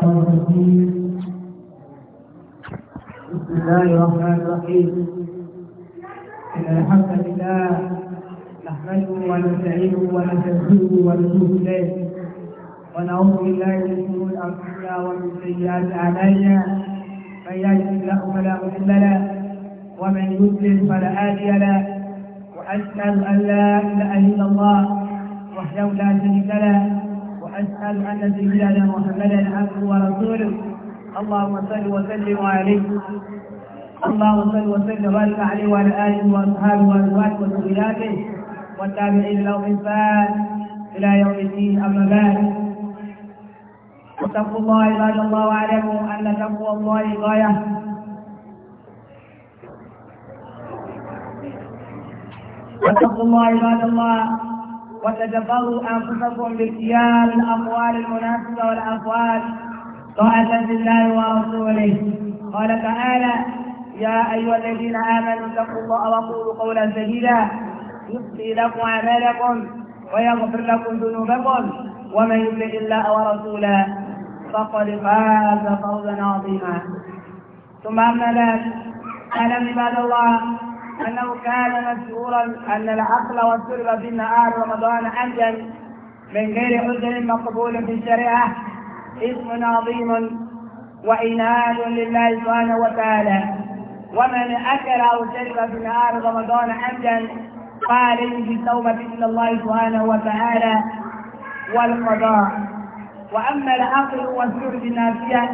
بسم الله الرحمن الرحيم إن الحمد لله نحمده ونستعينه ونستغفره ونتوب إليه ونعوذ بالله من شرور أنفسنا ومن سيئات أعمالنا من يهده الله فلا مضل له ومن يضلل فلا هادي له وأشهد أن لا إله إلا الله وحده لا شريك له وأشهد أن سيدنا محمدا عبده ورسوله اللهم صل وسلم عليه اللهم صل وسلم وبارك عليه وعلى آله وأصحابه وأزواجه وسبيلاته والتابعين لهم إنسان إلى يوم الدين أما بعد وتقوى الله عباد الله واعلموا أن تقوى الله غاية وتقوى الله عباد الله وتجبروا أنفسكم باختيار الأقوال المناسبة والأقوال طاعة لله ورسوله قال تعالى يا أيها الذين آمنوا اتقوا الله وقولوا قولا سديدا يصلي لكم أعمالكم ويغفر لكم ذنوبكم ومن يطع الله ورسوله فقد فاز فوزا عظيما ثم أما ذلك أعلم عباد الله أنه كان مشهورا أن العقل والشرب في نهار رمضان أنجل من غير عذر مقبول في الشريعة اسم عظيم وإناد لله سبحانه وتعالى ومن أكل أو شرب في نهار رمضان عمدا في التوبة إلى الله سبحانه وتعالى والقضاء وأما العقل والشرب نافية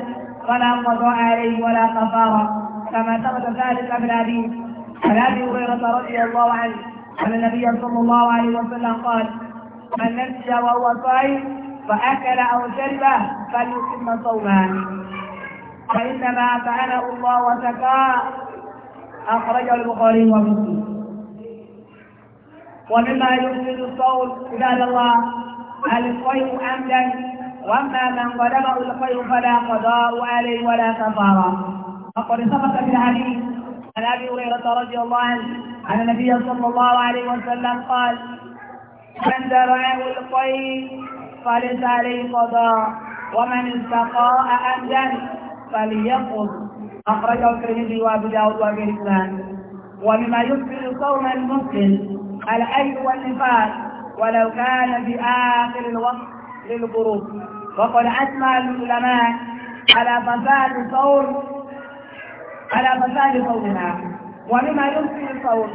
فلا قضاء عليه ولا قضاء كما ثبت ذلك في الحديث عن ابي هريره رضي الله عنه ان النبي صلى الله عليه وسلم قال من نسي وهو صائم فاكل او شرب فليتم صومه فانما فعله الله وتكاء اخرجه البخاري ومسلم ومما يفسد الصوم عباد الله الخير عمدا واما من ظلمه الخير فلا قضاء عليه ولا كفاره وقد ثبت في الحديث عن ابي هريره رضي الله عنه عن النبي صلى الله عليه وسلم قال من ذرعه القيء فليس عليه قضاء ومن استقاء امدا فليقض اخرجه الترمذي وابو داود الاسلام ومما يكفر صوم المسلم الايد والنفاق ولو كان في اخر الوقت للغروب وقد اجمع العلماء على فساد صوم على فساد قومها ومما يمكن القول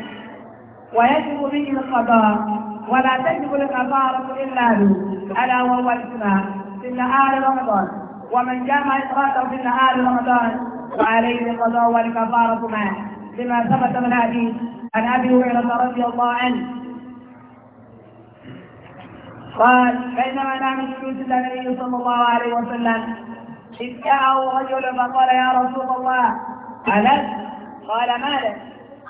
ويجب به القضاء ولا تجب الكفارة إلا به ألا وهو الإثم في نهار رمضان ومن جامع إفراده في نهار رمضان فعليه القضاء والكفارة معه لما ثبت من حديث عن أبي هريرة رضي الله عنه قال بينما نام جلوس النبي صلى الله عليه وسلم إذ جاءه رجل فقال يا رسول الله قال قال مالك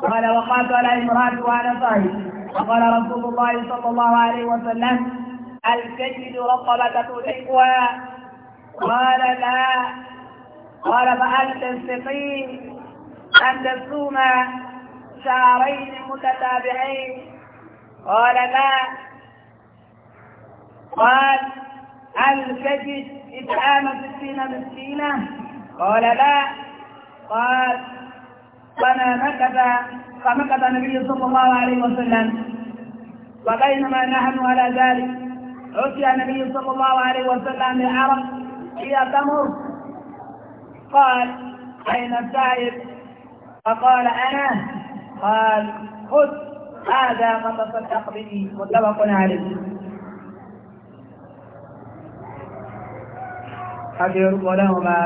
قال وقال على امرأة وأنا صاحب وقال رسول الله صلى الله عليه وسلم الكيد رقبة تلحقها قال لا قال فهل تستطيع أن تصوم شهرين متتابعين قال لا قال هل تجد إطعام ستين مسكينة قال لا قال فما مكث فمكث النبي صلى الله عليه وسلم وبينما نحن على ذلك عتي النبي صلى الله عليه وسلم بالعرق هي تمر قال اين السائب فقال انا قال خذ هذا ما تصدق به متفق عليه أجر وله ما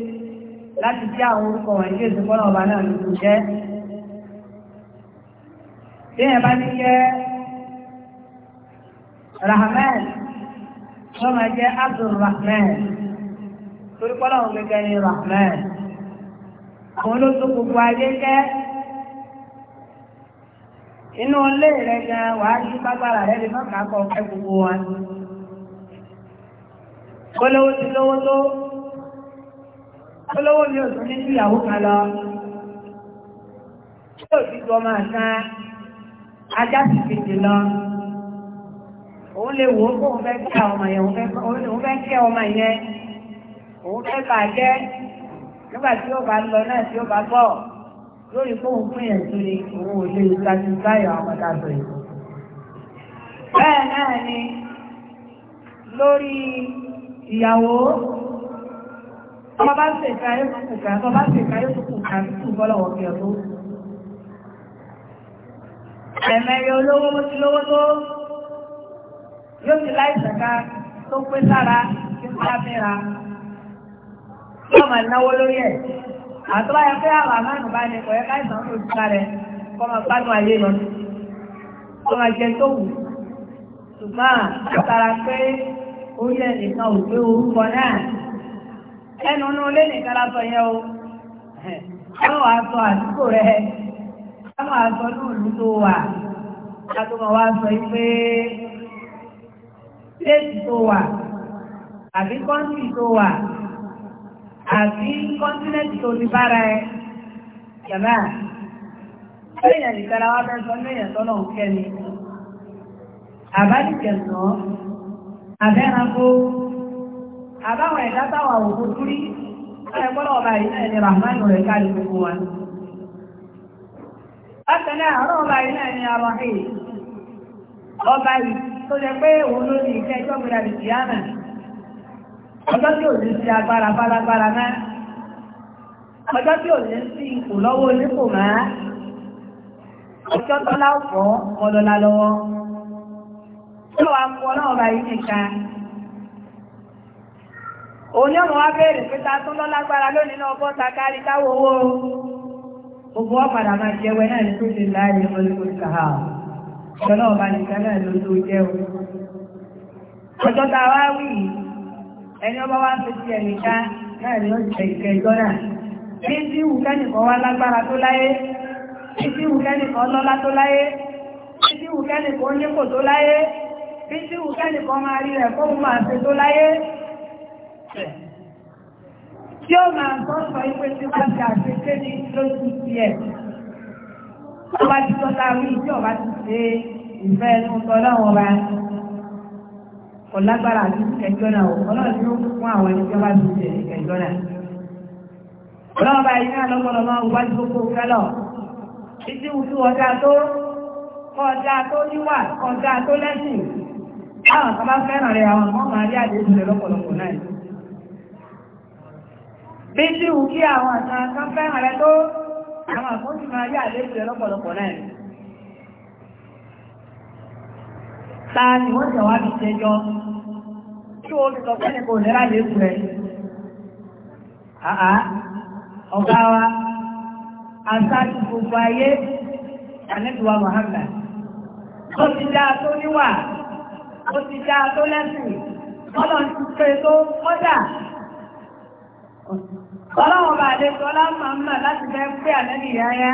láti jẹ́ àwọn orúkọ wọ̀nyí tí èsì fọ́nà ọba náà ló jẹ́. Bí ẹ̀ bá ní jẹ́ Rahman, wọ́n máa jẹ́ Abdul Rahman, torí fọ́nà òun gẹ́gẹ́ ní Rahman. Àwọn olóso gbogbo ayé jẹ́ inú ilé rẹ̀ gan wàá yí bágbára rẹ̀ lè má kà á gbogbo wọn. Kólówó ti lówó tó. olówó ni òsùn ní sí ìyàwó kan lọ tí ò sí tó máa san ajá sì tètè lọ òun lè wò ó kó òun fẹ́ kí àwọn ọmọ yẹn òun fẹ́ kí ọmọ yẹn òun fẹ́ bàjẹ́ nígbà tí ó bá lọ náà tí ó bá bọ̀ lórí fóun fún yẹn tó ni òun ò lè ṣáájú báyọ̀ àwọn ọmọdé àbẹ̀ yìí. bẹ́ẹ̀ náà ni lórí ìyàwó ọmọ bá ń ṣe ìka yóò tún kùkà ọmọ bá ń ṣe ìka yóò tún kùkà tún bọ́lọ̀wọ̀ kí ọdún ẹ̀mẹ̀rẹ̀ olówó tí lówó tó yóò ti láì ṣẹ̀ka tó pé sára tí ó bá mẹ́ra yóò máa náwó lórí ẹ̀ àtúbá yẹ pé àwọn àmánù bá ní kọ̀ yẹ tó dúkà rẹ̀ kọ́ máa gbádùn ayé lọ kọ́ máa jẹ tó wù ṣùgbọ́n àtàrà pé orí ẹ̀ nìkan ò ẹnu inú ilé nìkan la yẹn o káwọn sọ àdúgbò rẹ káwọn aṣọ ní òlú tó wà látọmọ wa sọ yìí pé stéètì tó wà àbí kọ́ńtì tó wà àbí kọ́ńtínẹ́tì tó ti bára ẹ yàrá lẹ́yìn nìkan la fẹ́ sọ lẹ́yìn ni àbájìkẹ̀ sàn án àbáwọn ẹ̀dá táwọn àwòkú ọba yìí náà ni rẹ̀ kárí gbogbo wa bákan àárọ̀ ọba yìí náà ni ọba yìí tó jẹ pé òun ló ní ìfẹ́ ẹjọ́ gbéra lè kíyàmà ọjọ́ tí ò ní sí agbára bálágbára ọjọ́ tí ò ní sí ipò lọ́wọ́ onípò ọjọ́ tó ọlọ́lá lọ́wọ́ kú ọlọ́ọ̀ba yìí nìkan òní ọmọ wa bẹ̀rẹ̀ pé ta tún lọ́lágbára lónìí náà bọ́ ta kárí táwọ owó gbogbo wọn padà máa jẹwẹ náà ní kúrò láàrin olùkọ́ náà ló tó jẹun ọjọ́ ta ẹni ọba wa ń fi ti náà ni ó jẹ ìkẹ́ ìjọ náà bí tí ìwù kẹ́nìkan wá lágbára tó láyé bí tí ìwù kẹ́nìkan lọ́lá tó láyé bí tí ìwù rẹ̀ tí ó máa gbọ́ sọ ipé tí wọ́n ti àṣeké ní lójú ti ẹ̀ ọba ti tọ́ta rí tí ọba ti ṣe ìfẹ́ ẹnu tọ́lọ́wọ́ bá kò lágbára àti ẹjọ́ náà ọlọ́run ló fún àwọn ẹni tí wọ́n bá ti ṣe ẹjọ́ náà ọlọ́run bá iná lọ́gbọ́dọ̀ máa wá sí gbogbo kálọ̀ títí wùdú ọjà tó ọjà tó níwà ọjà tó lẹ́sìn báwọn kan bá fẹ́ràn rẹ̀ àwọn ọmọ àrí àdéhùn rẹ̀ lọ́pọ̀lọpọ̀ náà bí sí wù kí àwọn àtàn kan fẹ́ràn rẹ tó àwọn àkókò ti máa rí àlejò rẹ lọ́pọ̀lọpọ̀ náà ni ta ni wọ́n tẹ̀ wá fi ṣẹjọ́ tí o sọ pé kò lẹ́ra lè fún ẹ àá ọ̀gá wa aṣáájú gbogbo ayé ànẹ́tùwà Muhammad ó ti dá tó níwà ó ti dá tó lẹ́sìn ọlọ́run ti pé tó kọ́dà ọlọ́wọ́ bá lè sọ lámàmà láti fẹ́ pé àlẹ́bì yáyá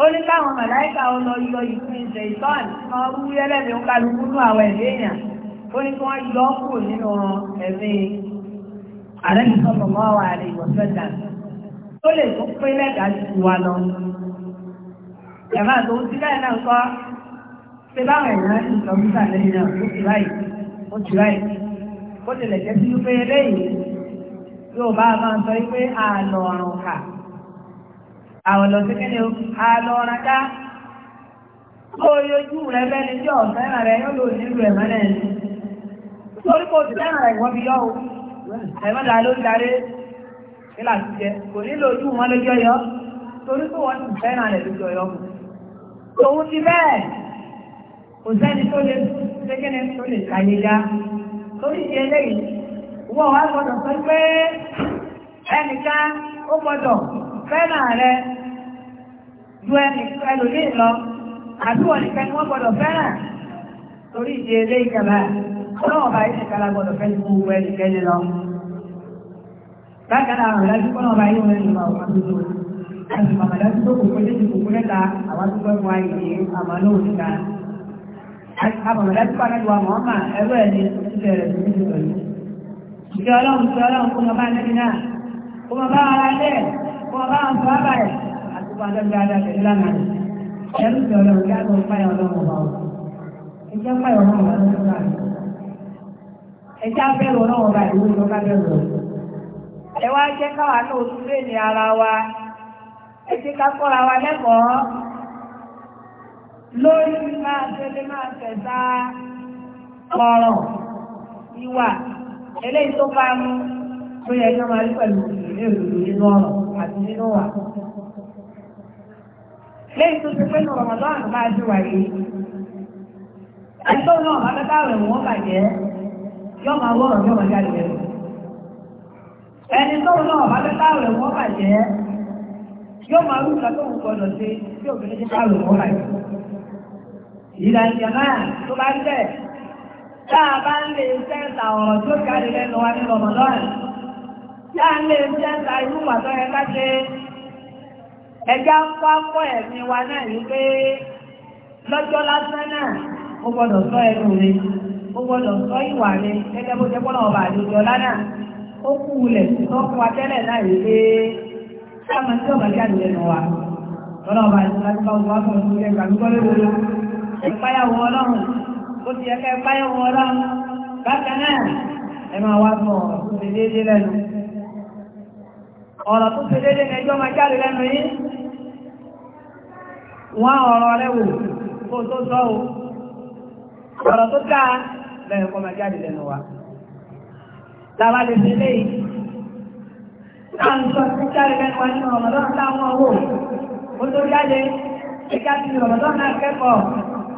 ó ní káwọn màláìka ó lọ yọ ìpín ìṣẹ̀ kan ń kálukú ní àwọn èèyàn ní kí wọ́n yọ kù nínú ẹ̀mí mọ́ lè pé lẹ́dà wa lọ. Ìyàmá tó ń náà báwọn sọ sàlẹ́yìn náà ó ti ráì ó ti ráì ó yóò bá máa ń sọ pé àlọ́ ọ̀rùn kà àwọn lọ sí kíni o àlọ́ ọ̀rùn ká ó yọjú rẹ bẹ́ni tí ọ̀sẹ́ràn rẹ yóò lò nílùú ẹ̀mọ́ náà ni torí kò sí sẹ́ràn rẹ ìwọ́n fi yọ o ẹ̀mọ́ là ló ń darí kí là ti jẹ kò nílò ojú wọn lójú ọyọ torí kò wọ́n ti sẹ́ràn rẹ lójú ọyọ òun ti bẹ́ẹ̀ kò sẹ́ni tó lè ṣe kíni tó lè ṣàyẹ̀dá torí ti eléyìí wọ́n wá gbọ́dọ̀ sọ pé ẹnìkan ó gbọ́dọ̀ fẹ́ràn rẹ ju ẹnì ẹlòmíì lọ àbí wọ́n nìkan ni wọ́n gbọ́dọ̀ fẹ́ràn torí ìdí ilé ìjọba ọlọ́wọ́n bá yìí nìkan la gbọ́dọ̀ fẹ́ ju gbogbo ẹnìkẹ́ni lọ. bákan náà àwọn ẹlẹ́dúkọ́ náà bá yìí wọ́n ẹni lọ wọ́n dúró àti màmàdásí tó kòkó lé ti kòkó lẹ́ta àwọn tó fẹ́ wá ìdí àmọ́ lóhùn nìkan. àmàmàdásí pàdánù àmọ́ ọmọ ẹrú ẹni tó ti bẹ̀rẹ̀ sí ìjọ ọlọ́run ti ọlọ́run kó mọ bá nẹ́bí náà kó mọ bá ara lẹ̀ kó mọ bá àwọn bàbá ẹ̀ àti kó adọ́jú adájọ́ ní lánàá ẹ̀rù ti ọlọ́run kí á lọ fáyà ọlọ́run ọba o ìjọ fáyà ọlọ́run ọba ló ń bá mi ọlọ́run ọba ìwé ìjọ ká bẹ̀rù ẹ wá jẹ́ eléyìí tó bá mú tó yẹ kí máa rí pẹ̀lú ìlú òdòdó nínú ọ̀rọ̀ àti nínú wà. léyìí tó ti pé ní Ramadan máa ti wà yìí ẹ̀tọ́ náà bá bẹ́ẹ̀ báwẹ̀ wọ́n bàjẹ́ yọ máa wọ́rọ̀ yọ máa jáde lẹ́nu ẹni tó náà bá bẹ́ẹ̀ wọ́n bàjẹ́ yóò máa rú ìgbà tó ń gbọdọ̀ ṣe tí òbí ní ti báwẹ̀ wọ́n bàjẹ́ ìlànà tó bá ń bẹ́ẹ̀ tá a bá ń lè sẹ́ńtà ọ̀rọ̀ tó kárí lẹ́nu wa ní rọmọdọ́n tá ń lè sẹ́ńtà irú wàtọ́ yẹn ká ṣe pápọ̀ ẹ̀mí wa sọ ẹnu rẹ̀ sọ ìwà rẹ̀ gẹ́gẹ́ bó ṣe ọba lánàá ó kú ulẹ̀ tó fún wa tẹ́lẹ̀ náà pé tí ọba jáde lẹ́nu wa láti bá fún ọdún ó ti ẹ̀ka ẹ̀pá ẹ̀wọ̀n ọlọ́run bákan náà ẹ máa wá sọ ọ̀rọ̀ tó ṣe déédéé lẹ́nu ọ̀rọ̀ tó ṣe déédéé lẹ́jọ́ máa jáde lẹ́nu yìí wọ́n ọ̀rọ̀ lẹ́wò tó tó sọ o ọ̀rọ̀ tó dáa lẹ́yìn kọ́ máa jáde lẹ́nu wa lára lè ṣe léyìí láàrín sọ tó jáde lẹ́nu wa nínú ọ̀rọ̀ lọ́nà táwọn owó ó tó jáde ẹ̀ka ti ọ̀rọ̀ lọ́nà kẹ́kọ̀ọ́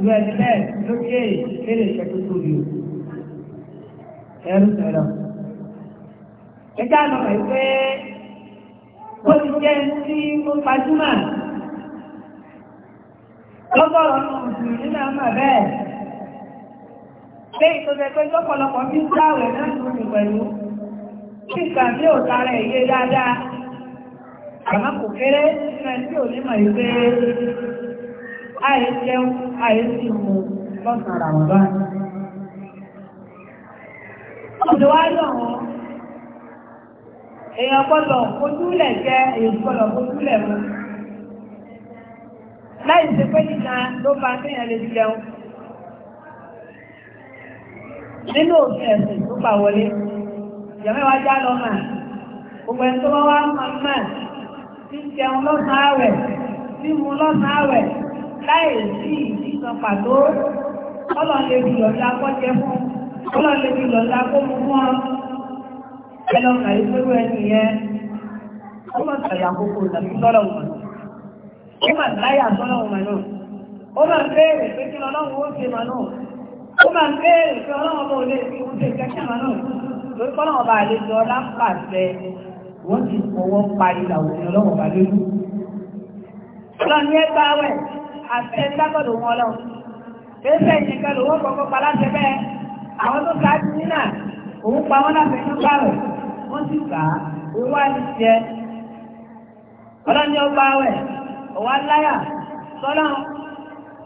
ìwé ẹni bẹ́ẹ̀ lókè ìṣẹ́lẹ̀ lọ rẹ̀ pé ó ti jẹ́ tí ó gbajúmọ̀ lọ́gọ́rọ̀ mùsùlùmí náà mà bẹ́ẹ̀ pé ìtọ́jẹ́ pé lọ́pọ̀lọpọ̀ bí sáwẹ̀ náà tó ti pẹ̀lú tara ẹ̀yẹ dáadáa àmọ́ kò kéré nínú ẹni tí ò ní àìjẹun àìsí mu lọ́sàn ràmọ́bá ọ̀dọ̀ wá lọ wọn èèyàn gbọ́dọ̀ ojúlẹ̀ jẹ́ èèyàn gbọ́dọ̀ ojúlẹ̀ mu láì ṣe pé nìta ló bá kéèyàn lè jẹun nínú òfin ẹ̀sìn tó gbà wọlé ìyàmẹ́wàá já lọ mà gbogbo ẹni tó wá wá máa máa ti jẹun lọ́sàn-án àwẹ̀ ti mu lọ́sàn-án àwẹ̀ láì sí ìdíkan pàtó ọlọ́run lè fi lọ́la kọ́jẹ́ fún ọlọ́run lè fi lọ́la kó mú fún ọ ẹlọ́kà ìgbéró ẹni yẹn ó mọ̀ sàyà àkókò tàbí lọ́lọ́ wọn ó mà láyà sọ́lọ́ wọn náà ó mà béèrè pé kí ọlọ́run ó ṣe mà náà ó mà béèrè pé ọlọ́run ọba ò lè fi oúnjẹ kẹ́kẹ́ mà náà lórí kọ́lọ́ ọba àlejò ọlá pàṣẹ wọ́n ti fọwọ́ parí làwọn ọlọ́run ọba lójú. ọlọ́run yẹn gbáwẹ̀ àtẹ́ńdágbọ̀dọ̀ wọn lọ. Bẹ́sẹ̀ ìyẹ̀kẹ́ lòun kọ̀ọ̀kan pa láti bẹ́ẹ̀. Àwọn tó ṣáájú nínà, òun pa wọ́n láti ẹ̀yọ́ pààrọ̀. Wọ́n sì gbà á, òun wá ní tiẹ̀. Ọlọ́ni ó gba awẹ̀, ọ̀wá láyà, sọ́lá,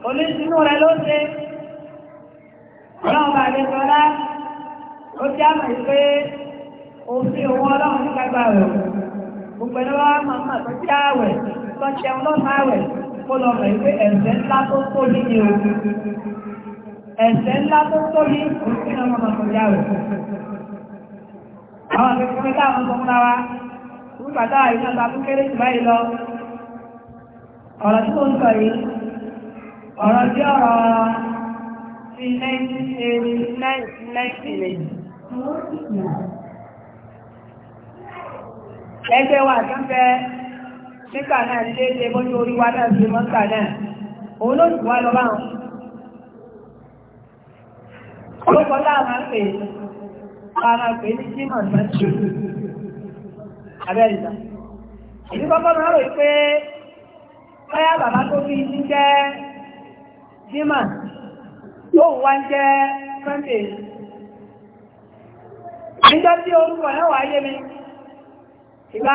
olóṣìnú rẹ̀ ló ṣe. Ọlọ́run bá lè sọlá, ó jẹ́ àmọ̀ yìí pé òfin òun ọlọ́run ní kágbá rẹ̀. Gbogbo ẹ̀rọ wa máa máa tọ́jú àwẹ̀, tọ́jú ẹ̀rọ kó lọ mọ̀ pé ẹ̀ṣẹ̀ ńlá tó tó yí ni o ẹ̀ṣẹ̀ ńlá tó tó yí òun kí lọ́mọ máa kọjá rẹ̀. àwọn akẹ́kọ̀ọ́ mẹ́ta àwọn ọmọ náà wá nígbà táwa yìí náà takú kéré jù báyìí lọ ọ̀rọ̀ tí mo ń sọ yìí ọ̀rọ̀ tí ọ̀rọ̀ ti 1989 ẹgbẹ́ wa kan fẹ́ nígbà náà ní déédéé bọ́jú orí wa náà ṣe mọ́ńkà náà òun ló sì wá lọ báwọn. Olóko láàmà pè láàmà pè ní Jímọ̀ náà ṣe. Abẹ́rẹ́ Ìdí kọ́kọ́ máa rò pé báyà bàbá tó fi ń jẹ́ Jímọ̀ yóò wá ń jẹ́ Sunday. Níjọ́ tí orúkọ náà wáyé mi, ìgbà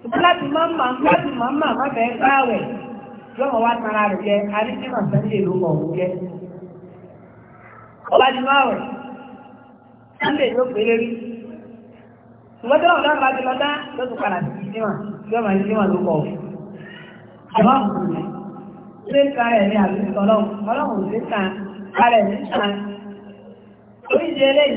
ṣùgbọ́n láti mọ́mà láti mọ́mà má bẹ́ẹ̀ báwẹ̀ yọ̀wọ̀ wá tara rẹ̀ jẹ́ arígbìmọ̀ sẹ́ńdẹ̀ ló mọ̀ òun jẹ́. ọba ti báwẹ̀ sẹ́ńdẹ̀ ló péré rí ṣùgbọ́n tí wọ́n dáhùn láti lọ dá lóṣù padà sí ìdíwọ̀n yọ̀mọ̀ ìdíwọ̀n ló mọ̀ òun. àmọ́ ṣé ń kárẹ̀ ní àbíkọ́ ọlọ́run ọlọ́run ṣe ń kárẹ̀ ní sàn. oríṣi eléyìí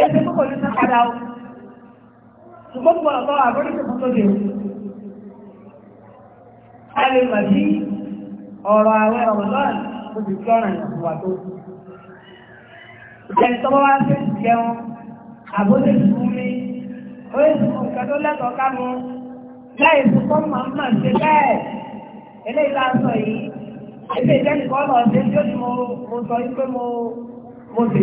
ẹgbẹ́ tó kò ní sẹ́ padà ó ṣùgbọ́n tó ọ̀tọ́ àbọ́dẹ́sẹ̀ fún tó dé o a lè mà sí ọ̀rọ̀ àwẹ̀ Ramadan kò sì fi ọ̀ràn ìwà tó ìjẹni tọ́wọ́ wá sí ìjẹun àbọ́dẹ́sẹ̀ fún mi ó yẹ kí nǹkan tó lẹ́tọ̀ọ́ ká mú láì fún kọ́ máa mà ṣe bẹ́ẹ̀ eléyìí bá sọ yìí ẹgbẹ́ ìjẹ́nìkan lọ sí tí ó ti mo sọ yìí pé mo mo dè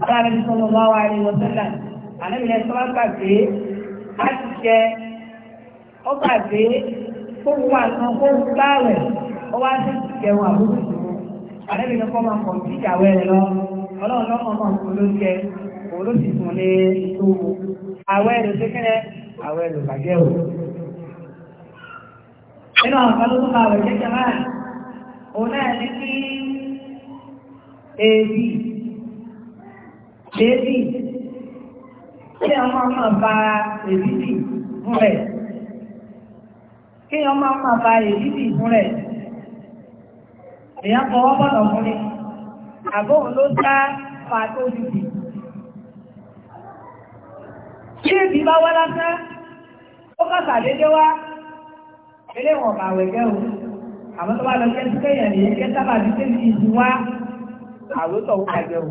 aláàrẹ ní sọ́nà bá wà ní wọ́sẹ́lá àlẹ́bìnrin ẹ̀sọ́ bá gbàgbé láti jẹ ó gbàgbé fóun wà sàn fóun gbáwẹ̀ ó wá sí ìjẹun àbúrò ìṣòro kọ́ máa sí lọ ọlọ́run ló jẹ òun ló sì sùn bàjẹ́ o. nínú àwọn máa òun náà ní kí kéèdì kí ọmọ máa ba èdìdì fún rẹ̀ kí ọmọ máa ba èdìdì fún rẹ̀ èèyàn fọwọ́ bọ̀nà fún ni àbóhùn ló dá pàtó dìdì kí bá wá lásán ó kàkà dédé wá eléwọ̀n bá wẹ̀gẹ́ o àwọn tó bá lọ kẹ́ńtì kẹ́yàn ní kẹ́ńtà bá ti tẹ́lẹ̀ ìdí wá àwòtọ̀ wọ́n àjẹ́ o.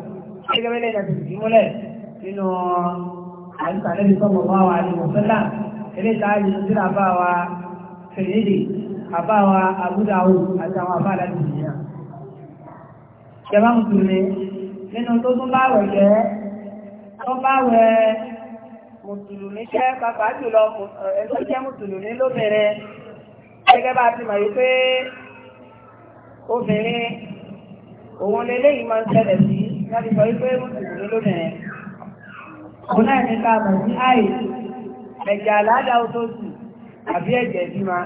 gẹ́gẹ́ bẹ́ẹ̀ lẹ́yìn àti ìdímúlẹ̀ nínú àdúgbò àlẹ́bí sọ́mọ̀ wá wa ní mọ̀sánlá ilé ìtaájú sí àbá wa fèrèdè àbá wa àbúdáwò àti àwọn àbá àlẹ́bí ìyá. Ìjọba Mùsùlùmí nínú tó tún bá wẹ̀ jẹ́ tó bá wẹ̀ Mùsùlùmí jẹ́ pàpà jùlọ ẹ̀tọ́ jẹ́ Mùsùlùmí lóbìnrin gẹ́gẹ́ bá ti mọ̀ yí pé obìnrin òun lélẹ́yìn máa ń ṣẹlẹ̀ sí láti sọ wípé mùsùlùmí lóbìnrin òun náà ní ká mọ̀ àì ẹ̀jẹ̀ àlàáda oṣooṣù àbí ẹ̀jẹ̀ bímọ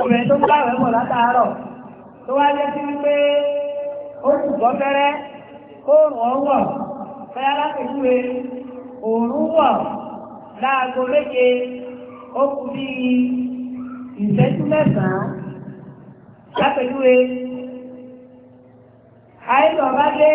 obìnrin tó ń bá ìwé látàárọ̀ tó wá jẹ́ sí wípé ó kù bọ́ fẹ́rẹ́ kóòrùn ọwọ́ fẹ́rẹ́ alápèjúwe wọ̀ láago méje ó bí ìṣẹ́jú mẹ́sàn-án àìsàn bá dé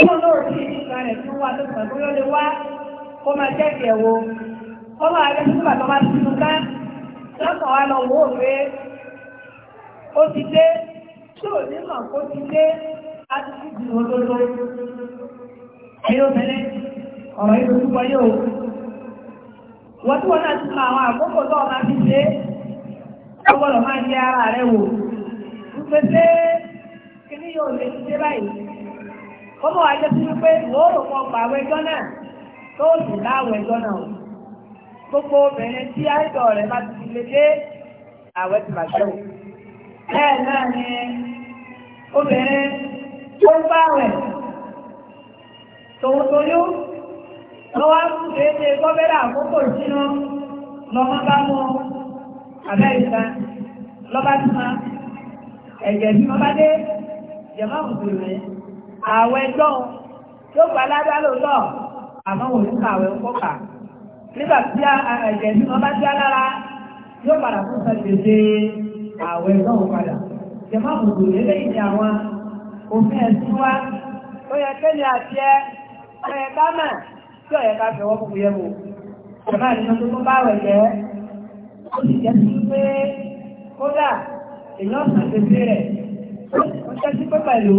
Ọmọ náà ti ìgbà rẹ̀ fún tó lè wá kó máa Ọmọ wa ti tún ká lọ́kàn wa lọ wò ó pé ó ti dé tí ò ní mọ̀ kó ti dé fi jù Ẹyọ yìí wọ yóò. Wọ́n wọ́n náà ti mọ àwọn àkókò tó ó gbọ́dọ̀ máa ara rẹ̀ kọ́mọ̀ wá jẹ́ sí wípé lóòrò kan pa àwọn ẹjọ́ náà tó sì láwọn ẹjọ́ náà gbogbo obìnrin tí àìsàn rẹ̀ bá ti lè dé àwẹ̀ ti bàjẹ́ o bẹ́ẹ̀ náà ni obìnrin tó ń bá rẹ̀ tòun toyó lọ́wọ́ déédéé gọ́bẹ́rà àkókò ìṣúná lọ́mọ bá mú abẹ́ ìta ẹ̀jẹ̀ bí wọ́n bá dé jẹ̀mọ́ òkú rẹ̀ àwẹ̀ gbọ́n tó gba ládá lóòótọ́ àmọ́ wò ní kàwẹ̀ ńkọ́ kà nígbà tí ẹ̀jẹ̀ ní wọn bá já lára yóò padà fún sàgbèsè àwẹ̀ gbọ́n padà jẹ̀mọ́ àbùkù lélẹ́yìn ní àwọn òfin ẹ̀sìn wa ó yẹ kẹ́lẹ́ àti ẹ ó yẹ ká mà tí ó yẹ ká fẹ́ wọ́n kúkú yẹ wò jẹ̀mọ́ àti ọdún tó bá wẹ̀ jẹ́ ó sì jẹ́ sí pé kódà èèyàn sàgbèsè rẹ̀ ó jẹ́ sí pé pẹ̀lú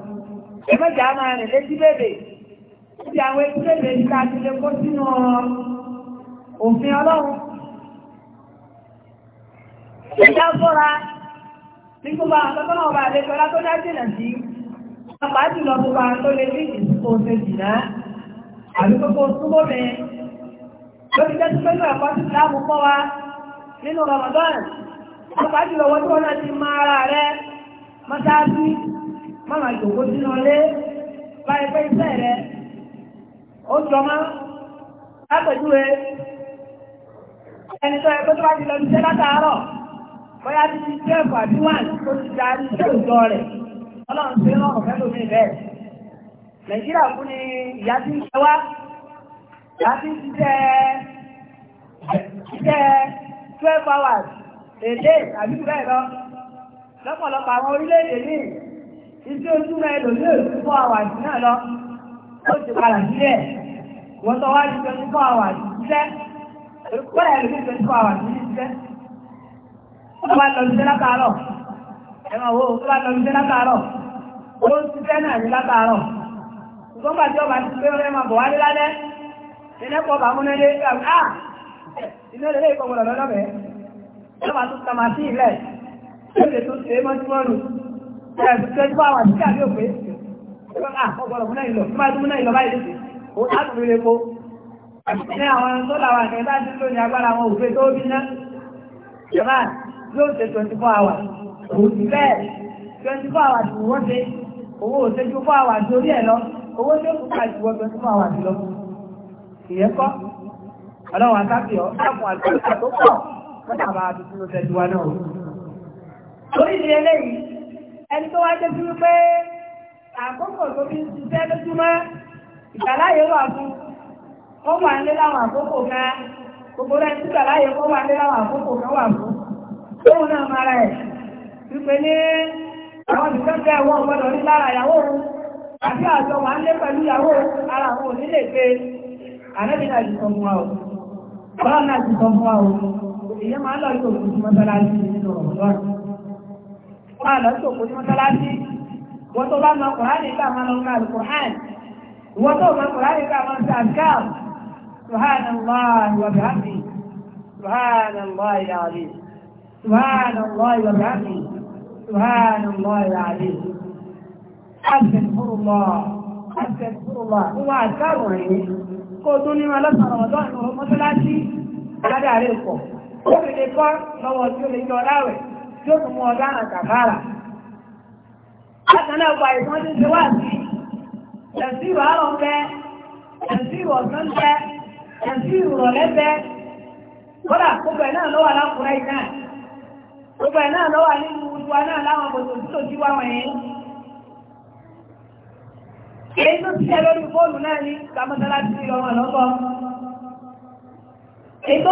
ẹgbẹ́jà máa rìn létí bèbè ti àwọn etí bèbè ní ká ti lè kó sínú uh, òfin ọlọ́run ẹjá sọ́ra ní gbogbo àwọn tọ́tọ́ náà bá lè tó dá jìnà sí pàápàá jùlọ gbogbo àwọn tó lè ní jìnà àbí gbogbo súnmọ́ mi lórí jẹ́ ẹ̀kọ́ sí wa nínú Ramadan jùlọ wọ́n náà ti máa ma máa jòkó sínú ilé bá ẹgbẹ́ iṣẹ́ rẹ ó jọmọ́ lápẹ̀júwe ẹni tó ẹgbẹ́ tó bá ti lọ sí iṣẹ́ látàárọ̀ bóyá ti ti jẹ́ ẹ̀fọ́ àbí wà tó ti darí iṣẹ́ òjò rẹ̀ ọlọ́run ṣe rán ọ̀fẹ́ lómi bẹ́ẹ̀ nàìjíríà fún ni ìyá ti ń ṣe wá ìyá ti ń ṣiṣẹ́ ṣiṣẹ́ twelve hours èdè àbí bẹ́ẹ̀ lọ lọ́pọ̀lọpọ̀ àwọn orílẹ̀-èdè míì ìdí ojú rẹ̀ lò ní òjú fọ́ àwàdì náà lọ ó ti padà sílẹ̀ wọ́n tọ́ wá ní twenty four hours ṣiṣẹ́ wọ́n yẹ lórí twenty four hours ní ṣiṣẹ́ bá lọ látàárọ̀ wo bá lọ látàárọ̀ ó ń ṣiṣẹ́ náà ní látàárọ̀ ṣùgbọ́n ọba ti máa bọ̀ wá bá iná ah! lè lọ́dọ̀ ẹ̀ẹ́dẹ́gbẹ́ bá wà nígbà yóò pé ọgbọ̀rọ̀ múná ìlọ fún máa múná ìlọ báyìí lè ó látùrí lè po ní àwọn tó làwà kẹ́ láti tó ní agbára àwọn òfin tó bí ná jọba yóò ṣe 24 hours kò sí bẹ́ẹ̀ 24 hours ni wọ́n ṣe owó òṣèjú 4 hours lórí ẹ̀ lọ owó tó kù ká ìwọ 24 hours lọ ìyẹn kọ́ ọlọ́run àtàkì ọ́ láàpọ̀ àgbàlagbà tó pọ̀ wọ́n tàbá tuntun ló tẹ̀síwá náà torí ìdí eléyìí ẹni tó wá jẹ́ sí wípé àkókò tó fi ń ṣiṣẹ́ lójúmọ́ ìgbàláyé wà fún ó wà nílé láwọn àkókò gbogbo rẹ̀ tí wà wà fún tóun náà máa rẹ̀ wípé ní àwọn ìṣẹ́ jẹ́ ẹ̀wọ̀n gbọ́dọ̀ ní lára ìyàwó àti àjọ wà ń lé pẹ̀lú ìyàwó ara àwọn onílé pé àrẹ́bí náà ti sọ fún wa o bọ́ọ̀ náà ti sọ fún wa o èyí máa ń máa lọ sí òkú ní mọ́sálásí wọ́n tó bá mọ kùránì ká máa lọ ká alùkùránì wọ́n tó mọ kùránì ká máa ṣe àdìkáàmù subhanallahi wa bihamdi subhanallahi alazim subhanallahi wa bihamdi subhanallahi alazim astaghfirullah astaghfirullah wọ́n àdìkáàmù rẹ̀ kó tún ya. wọn lọ́sàn-án ọ̀dọ́ ìmọ̀ yóò tún mú ọ̀daràn kàfàrà. Bákan náà ìfọ́n tí ṣe wá sí tẹ̀síìrù àárọ̀ ń esi iwu ọ̀sán ń esi iwu rọ̀lẹ́ bẹ. Kódà ẹ̀ náà ló wà yìí náà. Gbogbo ẹ̀ náà ló nínú ìwà náà láwọn tí wá wọ̀nyí. Èyí tó ti ṣe lórí fóònù náà ní ti rí ọmọ Èyí tó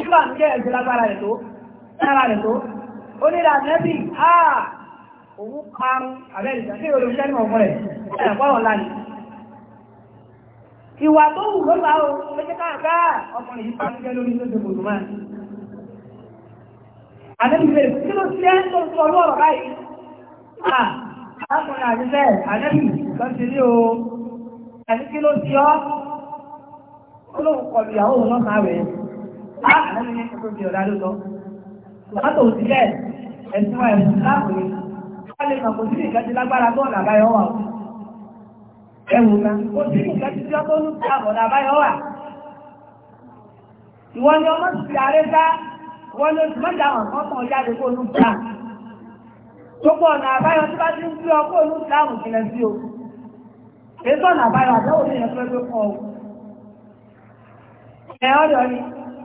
nígbà tó jẹ́ ẹ̀jẹ̀ lágbára rẹ̀ tó lára rẹ̀ tó ó ní ra nẹ́bì á òun parun àbẹ́rẹ̀ ìjà sí olùṣẹ́ ní ọ̀pọ̀ rẹ̀ ẹ̀pọ̀ ọ̀la ni ìwà tó wù ló bá o ló jẹ́ káàkáà ọkùnrin yìí parun jẹ́ lórí lóṣù gbogbo máa àdébìbẹ̀ kí ló jẹ́ tó sọ lọ́rọ̀ báyìí à lákùnrin àdébẹ̀ àdébì lọ sí ní o àti kí ló ti ọ́ ó lóun kọlu á àlẹ́ ní ẹ̀kọ́ ti ọ̀dà ló lọ. Tòmátò sí bẹ́ẹ̀ ẹ̀sùn ẹ̀sùn láàbò yìí. Wọ́n lè mọ̀ kò sí nìkan ti lágbára tó ọ̀nà àbáyọ o. Ẹ wò ká, kò sí nìkan ti tó ní ọ̀nà àbáyọ wà. Ìwọ ni ọmọ ti ààrẹ dá, wọ́n ló ti mọ́jà hàn kán kan jáde kó olú gbà. Gbogbo ọ̀nà àbáyọ tí bá ti ń gbé ọkọ̀ olú gbà àwọn ìjìnlẹ̀ sí o. Èso ọ̀nà àbáyọ àdéhùn ní ẹ̀fẹ́ ló kọ̀ o. Ẹ̀ ọ́dọ̀ ni.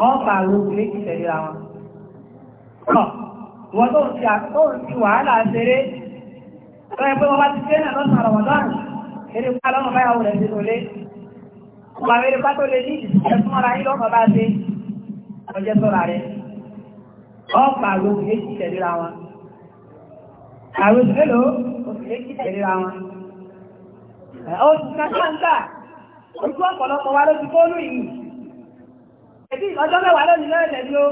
wọ́n bá rògbò méjì tẹ̀lé ra wọn. wọ́n tó ń ti àtó ń ti wàhálà ṣeré tó yẹ pé wọ́n bá ti ṣe náà lọ́sàn-án rọ̀mọ́dọ́nù eré pa lọ́mọ báyàwó rẹ̀ sínú ilé. wọ́n bá eré pa tó lé ní ìṣẹ́fún ara yín lọ́mọ bá ṣe ọjọ́ sọ́ra rẹ̀. wọ́n bá rògbò méjì tẹ̀lé ra wọn. àwọn oṣù mélòó oṣù méjì tẹ̀lé ra wọn. oṣù ti èdè ìlọ́jọ́ mẹ́wàá lónìí lọ́rẹ̀ lẹ́ni o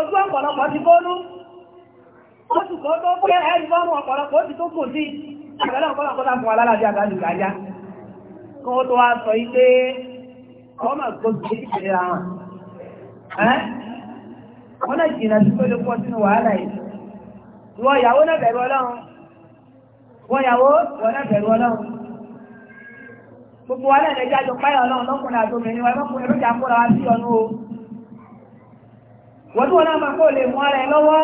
ojú ọ̀pọ̀lọpọ̀ ti bónú ó sì kó tó pé ẹ̀rí fọ́rùn ọ̀pọ̀lọpọ̀ ti tó kù sí àgbẹ̀lẹ̀ ọ̀pọ̀lọpọ̀ náà fún gbogbo wa lẹ́nu ẹjá jọ páyà ọlọ́run lọ́kùnrin àti obìnrin wa lọ́kùnrin ló jà kó ra wá sí ọ̀nà o wọ́n tí wọ́n náà máa kó lè mú ara ẹ lọ́wọ́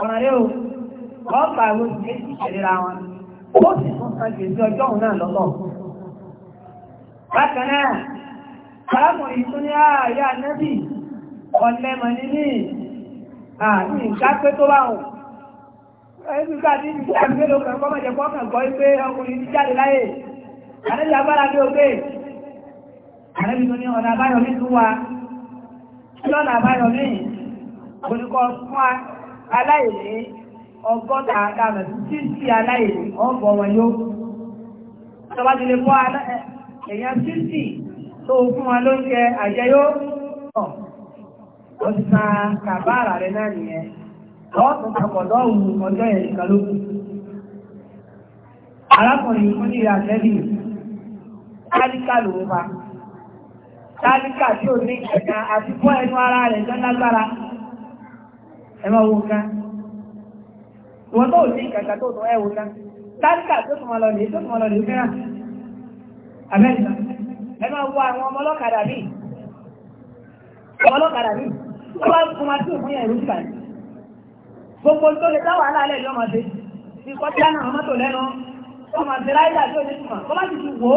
ọ̀ràn rẹ o wọ́n pa àwọn òṣìṣẹ́ ti ṣẹlera wọn ó sì tún san gbèsè ọjọ́ òun náà lọ́lọ́ bákan náà arákùnrin tó ní ààyè ànẹ́bì ọ̀lẹ́mọ̀ nínú àmì ìkápé tó bá wọn ẹ̀ẹ́dùgbà ní ìgbà gbé lókàn kọ́mọ̀jẹ̀ kọ́kàn gbọ́ ọkùnrin ti jáde láyé àrẹ́bí agbára bí ogé àrẹ́bí tó ní ọ̀nà àbáyọ̀mí tó wà tí ọ̀nà àbáyọ̀mí oníkọ fún aláìlé ọgọ́ta àdáàmẹ̀ tí sí aláìlé ọgbọ̀ wọn yóò tọba ti lè fọ́ èèyàn tí tó fún ló ń jẹ rẹ̀ náà nìyẹn ọjọ́ yẹn arákùnrin fún ìyá tálíkà lòun wa tálíkà tí ò ní ẹ̀ka àti fọ́ ẹnu ara rẹ̀ jọ lágbára ẹ máa wo nǹkan wọn tó ní kàkà tó tún ẹ wo nǹkan tálíkà tó tún máa lọ lè tó tún máa lọ lè fẹ́ràn àbẹ́ẹ̀dá ẹ máa wo àwọn ọmọ ọlọ́kadà míì ọmọ ọlọ́kadà míì tó bá kún máa tún fún yẹn ìlú ìgbà gbogbo tó lè dá wàhálà alẹ́ yọ máa dé ní kọ́tíá ọmọ tó lẹ́nu ọmọ àti ráyà tó lè túmọ̀ kọ́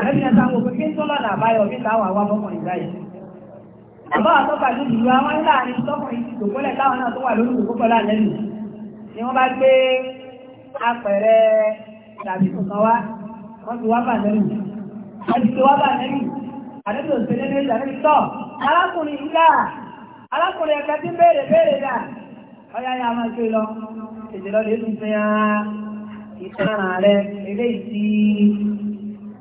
àlẹ́bí ẹ̀ta mo pé kí n tó lọ́nà àbáyọ mi táwọn àwọn ọmọkùnrin báyìí àbá àtọ́ka ló dùn lọ àwọn ńlá àní tọkùnrin ti dòkólẹ̀ táwọn náà tó wà lórí òkókó lálẹ́lù ni wọ́n bá gbé apẹ̀rẹ̀ tàbí kankan wá wọ́n ti wá bà lẹ́lù wọ́n ti ti wá bà lẹ́lù àlẹ́bí òṣèlú ní ìjà lẹ́lù tọ́ arákùnrin ńlá arákùnrin ẹ̀ka tí ń béèrè béèrè dà ọ̀yá ya máa gbé lọ ìjìnlọ́dẹ̀ tún fi hàn ìtàn rẹ̀ eléyìí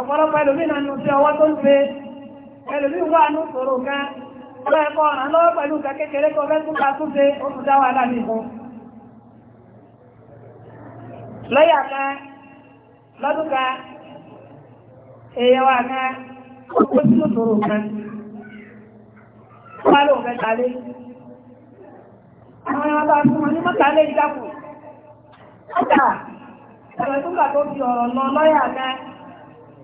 ọ̀pọ̀lọpọ̀ ẹlòmí náà nù sí ọwọ́ tó ń pe ẹlòmí wà ní ṣòro kan ọlọ́ ẹ̀kọ́ ọ̀ràn lọ́wọ́ pẹ̀lú ìka kékeré kan fẹ́ tún ká tún ṣe ó tún dá wà láàrin fún lọ́yà kan lọ́dún kan èèyàn tó fi ọ̀rọ̀ lọ lọ́yà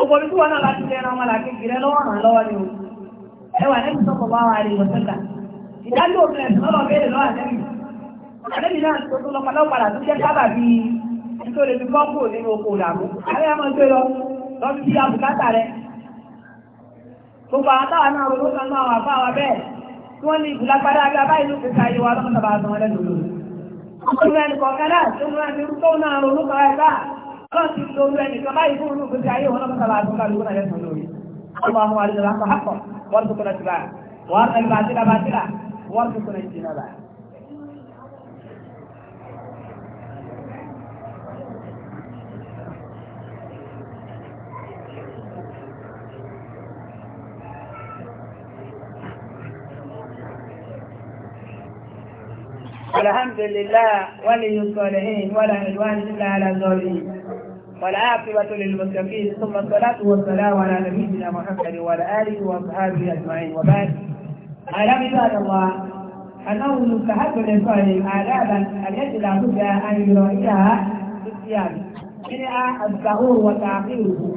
ògbòrí tí wọ́n náà láti lẹ́ra wọn láti gbìrẹ́ lọ́wọ́ ràn lọ́wọ́ ni o ẹwà nẹ́bí sọ́kọ̀ bá wà rí ìwọ̀sẹ́ta ìdájọ́ òfin ẹ̀sìn lọ́wọ́ lọ́wọ́ àdẹ́bì àdẹ́bì náà tó tó lọ́pàá lọ́pàá tó jẹ́ sábà bí kan ti lo ru ẹnìkan báyìí fún olú gbèsè ayé wọn náà mọ́tàlá àti kálukú náà yẹn sọ lórí ọlọ́run àdìsọ́lá kọ́ wọ́n tó kọ́ الحمد لله ولي الصالحين ولا عدوان إلا على الظالمين والعاقبة للمتقين ثم الصلاة والسلام على نبينا محمد وعلى آله وأصحابه أجمعين وبعد أعلم عباد الله أنه يستحب للصائم آدابا التي لا بد أن يراعيها في الصيام منها السهور وتعقيره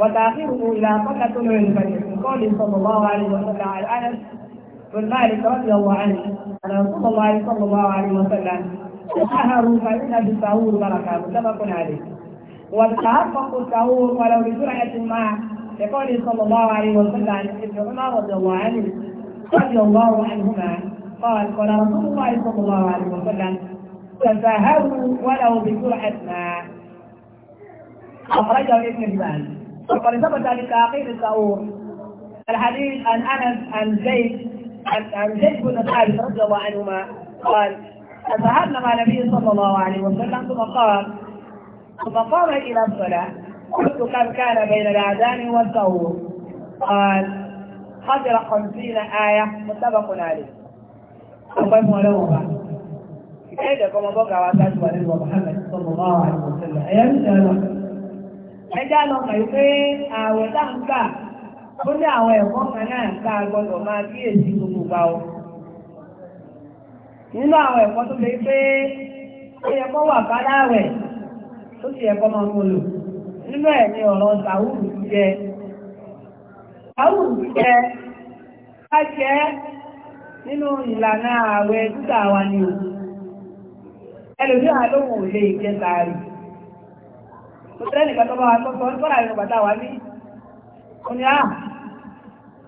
وتعقيره إلى قبل طلوع الفجر من قول صلى الله عليه وسلم على أنس بن مالك رضي الله عنه أن رسول الله صلى الله عليه وسلم تسهروا فإن بالسهور بركة متفق عليه وتحقق السهور ولو بسرعة ما لقوله صلى الله عليه وسلم ابن عمر رضي الله عنه رضي الله عنهما قال قال رسول الله صلى الله عليه وسلم تساهلوا ولو بسرعة ما أخرجه ابن حبان وقد ثبت لتعقيد السهور الحديث عن أنس عن زيد عن عن زيد بن ثابت رضي الله عنهما قال فذهبنا مع النبي صلى الله عليه وسلم ثم قال ثم قام الى الصلاه قلت كم كان بين الاذان والسهور قال قدر خمسين آية متفق عليه أقوى مولوها كيف كما بقى وعساس ولد محمد صلى الله عليه وسلم أيام سلام أجعلهم يقين أو تنكى ó ní àwọn ẹ̀kọ́ kan náà tá a gbọ́dọ̀ bí èsì gbogbo gbà ó nínú àwọn ẹ̀kọ́ tó lè pé ó yẹ kó wà fáláwẹ̀ tó sì yẹ máa mú lò nínú ẹ̀ ni ọ̀rọ̀ sàúrù sàúrù ká nínú ìlànà o jẹ kò tẹ́lẹ̀ nìkan tó bá wa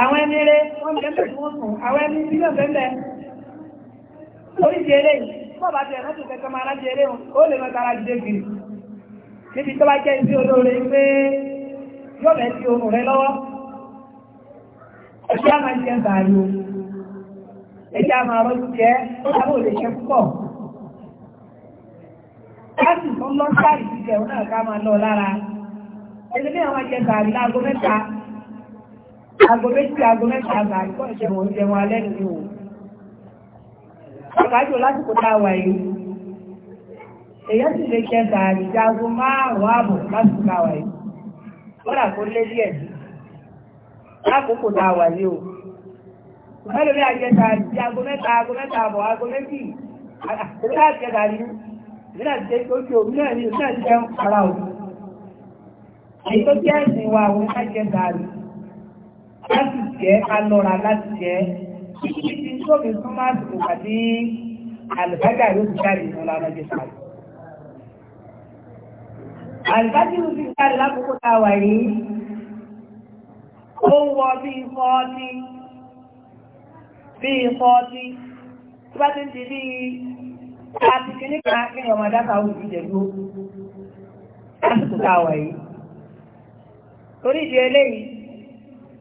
àwọn ẹni rẹ̀ wọ́n bẹ̀rẹ̀ tí wọ́n sùn àwọn ẹni tí lọ bẹ̀rẹ̀ oríṣi eré bọ́ọ̀bá ti ẹ̀rọ tó kẹta máa rájẹ eré wọn ó lè mọ́ta ara jíde gírì níbi tó bá jẹ́ ibi olóore pé yóò bẹ̀ sí oòrùn rẹ lọ́wọ́ ẹjẹ́ a máa jẹ bàálù ẹjẹ́ a máa rọ́jú jẹ́ ó dábò lè ṣe púpọ̀ láti fún lọ́sàrì jíjẹ òun náà ká máa lọ lára ẹni bí Àgọ́ méjì àgọ́ mẹ́ta àgbà àgbọ̀ ìṣẹ̀wọ̀n oúnjẹ wọn alẹ́ ní wò. Ọ̀gájò lásìkò tá a wà yìí. Èyàn sì lè jẹ gààrí sí aago márùn-ún ààbọ̀ lásìkò tá a wà yìí. Wọ́n àkó lé díẹ̀ jù. Lákòókò tá a wà yìí o. Ìfẹ́lẹ̀ bí àjẹ gààrí sí mẹ́ta aago mẹ́ta àbọ̀ aago méjì. Àkókò tá a jẹ gààrí ní. Ìmínà ti jẹ́ ojú òmí náà ní ìmínà ti jẹun ara o. Èyí tó jẹ́ ẹ̀sìn wa àwọn ká jẹ láti jẹ́ alọ́ra láti jẹ́ títí tí sóbi tún máa sùn àti àlùbágà yóò fi jáde ìrànlá ọlọ́jọ́ sáré. àlùbágà yóò fi jáde lákòókò tá a wà yìí ó ń wọ bí fọ́ọ́tì bí fọ́ọ́tì tí bá ti ń di bí àti kìíní kan kí ni ọmọdé àtàwọn òbí jẹ dúró lásìkò tá a wà yìí. torí ìdí eléyìí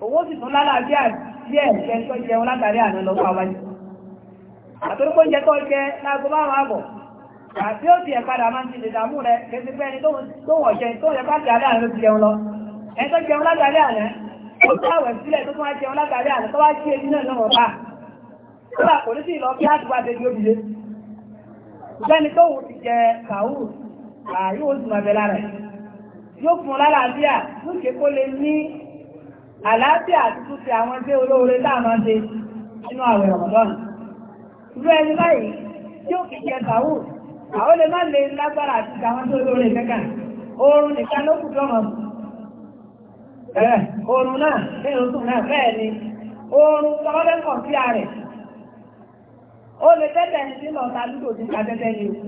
owó sì tún lálàáfíà díẹ̀ jẹ́ tó jẹun látàrí àná lọ́wọ́ àwájú tó àti ó ti ẹ̀padà máa ń ti lè rẹ kẹsí pé ẹni tó jẹ tó káàkiri àná ti jẹun lọ ẹni tó jẹun látàrí àná ó àwẹ̀ sílẹ̀ tó tún wá jẹun látàrí àná tó wá jí ebi náà lọ́wọ́ bá kò ní sí ìlọ bí ìgbẹ́ni tó wù ti jẹ kàwù àyíwò yóò fún àlàáfíà àti túnṣe àwọn ẹgbẹ́ olóore láàmà ṣe nínú àwẹ̀ ọ̀mọ̀lọ́nà. Irú ẹni báyìí tí ó fi jẹ tàwù, àwọn lè má lè lágbára àti àwọn tó olóore kẹ́kà. Oorun nìkan ló kù tọ́mọ̀. Oorun náà, ẹ̀rùn sùn náà bẹ́ẹ̀ ni. Oorun tọ́lọ́lẹ́kọ̀ sí ààrẹ. Ó lè tẹ́tẹ̀ ní sínú ọ̀tá lúdò tí ń ta tẹ́tẹ́ ni o.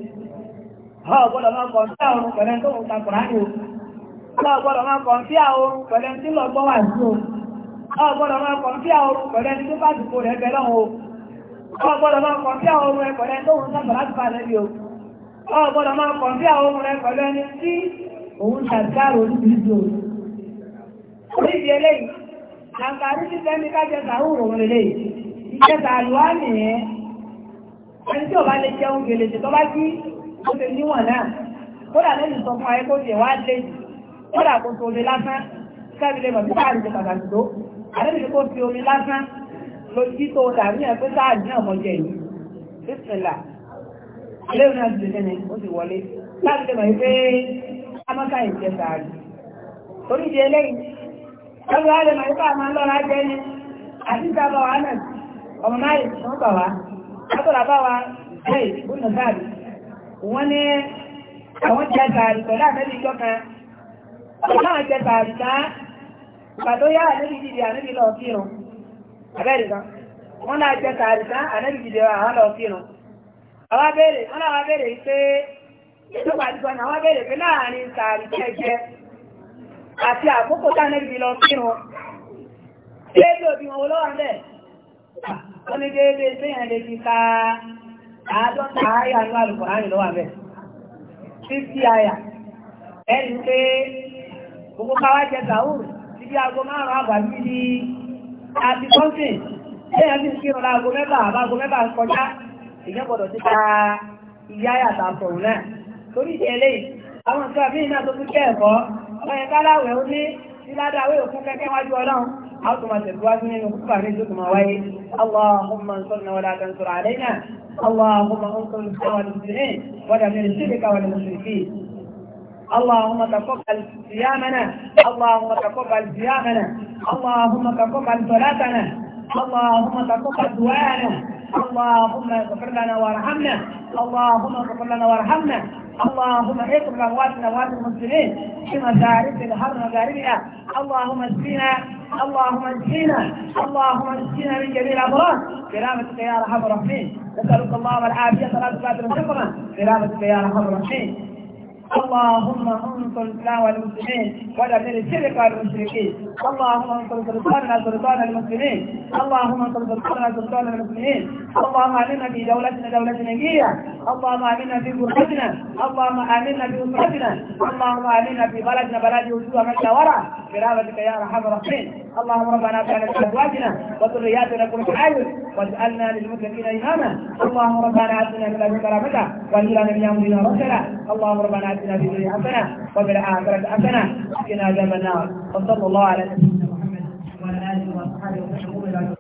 Ọ̀ gbọ́dọ̀ máa pẹ̀lẹ́ tó ń ta kùrá ni o ọgbọ́dọ̀ máa kàn sí àorun pẹ̀lẹ́ tí lọ gbọ́ wà sí o ọgbọ́dọ̀ máa kàn sí àorun pẹ̀lẹ́ tí tó bá dùkú rẹ̀ bẹ̀ lọ́wọ́ o ọgbọ́dọ̀ máa kàn sí àorun rẹ̀ pẹ̀lẹ́ tó ń sábà láti bá lẹ́bi o ọgbọ́dọ̀ máa kàn sí àorun rẹ̀ pẹ̀lẹ́ ni tí òun ṣàgbára olúbìdì o oríṣi eléyìí làǹkàrí ti fẹ́ ní kájẹ sàúrò òun kódà kó tó omi lásán kẹ́mi lè mọ̀ sí káàdì ṣe pàtàkì tó àdébìnrin kó fi omi lásán lójú tó dàbí ẹ̀ pé káàdì náà mọ̀ jẹ yìí bísílà léwu náà ti lè ní ó ti wọlé káàdì lè mọ̀ yìí pé amọ́ká yìí jẹ sàárì oríṣi eléyìí lọ́dún wa lè mọ̀ yìí pé àmọ́ lọ́ra jẹ́ ni àti ìjàmbá wa náà ọmọ náà yìí wọ́n bà wá látọ̀lá bá wa ẹ̀ ìbùnà sáàrì wọ́n ní àwọn jẹ sàárì pẹ̀lú àtẹ́bí ìjọ kan Ìjọba jẹ tààrí yá lọ gan. Wọ́n náà jẹ tààrí náà, àlébi dìde àwọn lọ kírun. Àwọn abẹ́rẹ̀, wọ́n náà wá bẹ̀rẹ̀ pé ìjọba àti sọ́nà àwọn abẹ́rẹ̀ pé láàrin tààrí jẹ́jẹ́ àti àkókò tánẹ́bì lọ kírun. Déédé òbí wọn ń bẹ̀. Wọ́n ní déédé lè fi ka àádọ́ta àlùkò láàrin lọ́wọ́ bẹ̀. Fífí Ẹni pé gbogbo káwá jẹ sàúrù ibi aago márùn-ún àbà níbi àti kọ́sìn lẹ́yìn àti ìkírun láago mẹ́fà àbáago mẹ́fà kọjá ìyẹn gbọ́dọ̀ ti ta ìyá yàtà sọ̀rọ̀ náà torí ìdí ẹlẹ́yìn àwọn nǹkan àbí iná tó tún jẹ́ ẹ̀kọ́ ọmọ yẹn káláwẹ̀ ó ní síládàwé òkun kẹ́kẹ́ wájú ọlọ́run حكم تبواتنا وكفر حكم وي اللهم انصرنا ولا تنصر علينا اللهم انصر الإسلام والمسلمين ولا تنصرك ولا اللهم تقبل صيامنا اللهم تقبل صيامنا اللهم تقبل صلاتنا اللهم تقبل دعاءنا اللهم اغفر لنا وارحمنا اللهم اغفر لنا وارحمنا اللهم اغفر لامواتنا واموات المسلمين في مشارق الحرب مغاربها اللهم اسقنا اللهم اجزينا اللهم اجزينا من جميع الامراض برحمتك يا ارحم الراحمين نسالك اللهم العافيه ثلاث بعد الحكمه برحمتك يا ارحم الراحمين اللهم انصر الاسلام والمسلمين ودمر الشرك والمشركين اللهم انصر سلطاننا سلطان المسلمين اللهم انصر سلطاننا سلطان المسلمين اللهم امنا في دولتنا دولة نجية اللهم امنا في غرفتنا اللهم امنا في اسرتنا اللهم امنا في بلدنا بلد وجوه من ورع برحمتك يا ارحم الراحمين اللهم ربنا اجعلنا في ازواجنا وذرياتنا كل حي واجعلنا للمتقين اماما اللهم ربنا اتنا من لدنك كرامتك واجعلنا من امرنا رشدا اللهم ربنا اتنا في الدنيا حسنه وفي الاخره حسنه وقنا عذاب النار وصلى الله على نبينا محمد وعلى اله وصحبه وسلم